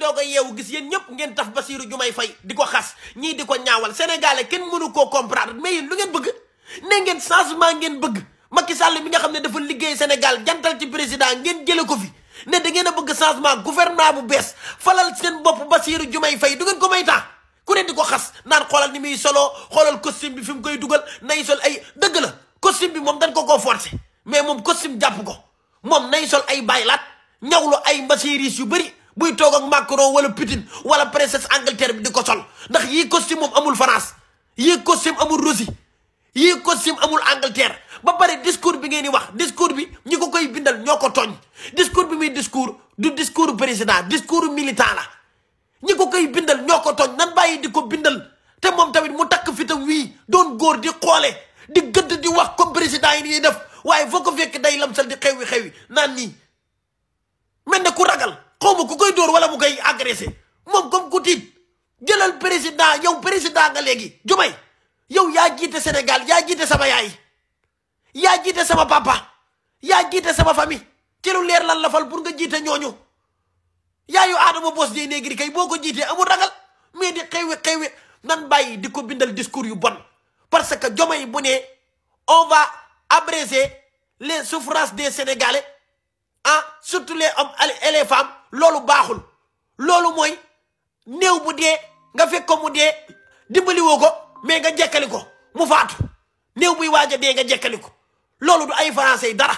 doog a yeewu gis yéen ñëpp ngeen taf Bassirou Diomaye fay di ko xas ñii di ko ñaawal sénégalais kenn mënu koo comprendre mais yéen lu ngeen bëgg ne ngeen changement ngeen bëgg Macky sàll mi nga xam ne dafa liggéey Sénégal jantal ci président ngeen jële ko fi ne da ngeen a bëgg changement gouvernement bu bees falal seen bopp Bassirou Diomaye fay du ngeen ko may taa ku ne di ko xas naan xoolal ni muy solo xoolal costume bi fi mu koy dugal nay sol ay dëgg la costume bi moom dañ ko koo forcé mais moom costume jàpp ko moom nay sol ay baylaat ñawlu ay mbasiris yu bëri buy toog ak Macron wala Poutine wala princesse Angleterre bi di ko sol ndax yii costume moom amul France yii costume amul Russie yii costume amul Angleterre ba pare discours bi ngeen di wax discours bi ñi ko koy bindal ñoo ko tooñ discours bi muy discours du discours président discours militant la ñi ko koy bindal ñoo ko tooñ nan bàyyi di ko bindal te moom tamit mu takk fitam wii doon góor di xoole di gëdd di wax comme président yi nii def waaye foo ko fekk day lamsal di xewi naan nii mel ne ku ragal xaw ko koy dóor wala bu koy agressé moom comme ku tiit jëlal président yow président nga léegi Diomaye yow yaa jiite Sénégal yaa jiite sama yaay yaa jiite sama papa yaa jiite sama famille ci leer lan la fal pour nga jiite ñooñu yaayu Adama Boss Dieye Negri kay boo ko jiitee amul ragal mais di xewi xewi nan bàyyi di ko bindal discours yu bon parce que Diomaye bu ne on va abréger les de des Sénégalais ah surtout les hommes loolu baaxul loolu mooy néew bu dee nga fekk ko mu dee di woo ko mais nga jekkali ko mu faatu néew buy waaj a dee nga jekkali ko loolu du ay français dara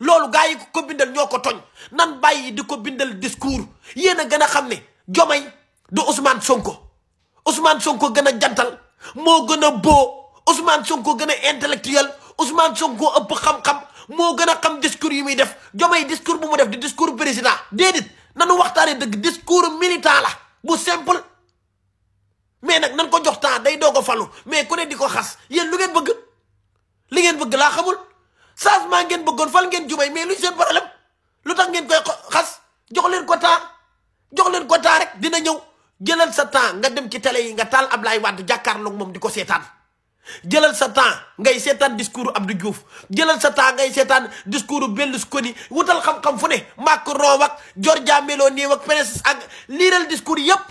loolu gars yi ko bindal ñoo ko toñ nan bàyyi di ko bindal discours yéen a gën a xam ne Diomaye du Ousmane Sonko Ousmane Sonko gën a jantal moo gën a boo Ousmane Sonko gën a intellectuel Ousmane Sonko ëpp xam-xam moo gën a xam discours yi muy def jomay discours bu mu def di discours président déedéet nanu waxtaane dëgg discours militant la bu simple mais nag nan ko jox temps day doog a falu mais ku ne di ko xas yéen lu ngeen bëgg li ngeen bëgg laa xamul changement ngeen bëggoon fal ngeen jubay mais lu luy seen problème lu tax ngeen koy xas jox leen ko temps jox leen ko temps rek dina ñëw jëlal sa temps nga dem ci télé yi nga taal Ablaye Wade jàkkaarloog moom di ko seetaan jëlal sa temps ngay seetaan discours Abdou Diouf jëlal sa temps ngay seetaan discours Berlusconi wutal xam-xam fu ne Macron ak Giorgia Meloni ak Pérez ak liiral discours yépp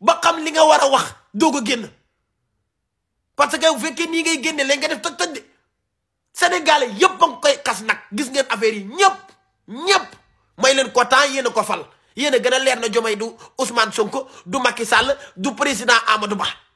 ba xam li nga war a wax doog a génn parce que bu fekkee nii ngay génne léegi nga def tëj tëj de Sénégalais yépp a nga koy kas nag gis ngeen affaire yi ñëpp ñëpp may leen ko temps yéen ko fal yéen gën a leer na Diomaye du Ousmane Sonko du Macky sàll du président Amadou Ba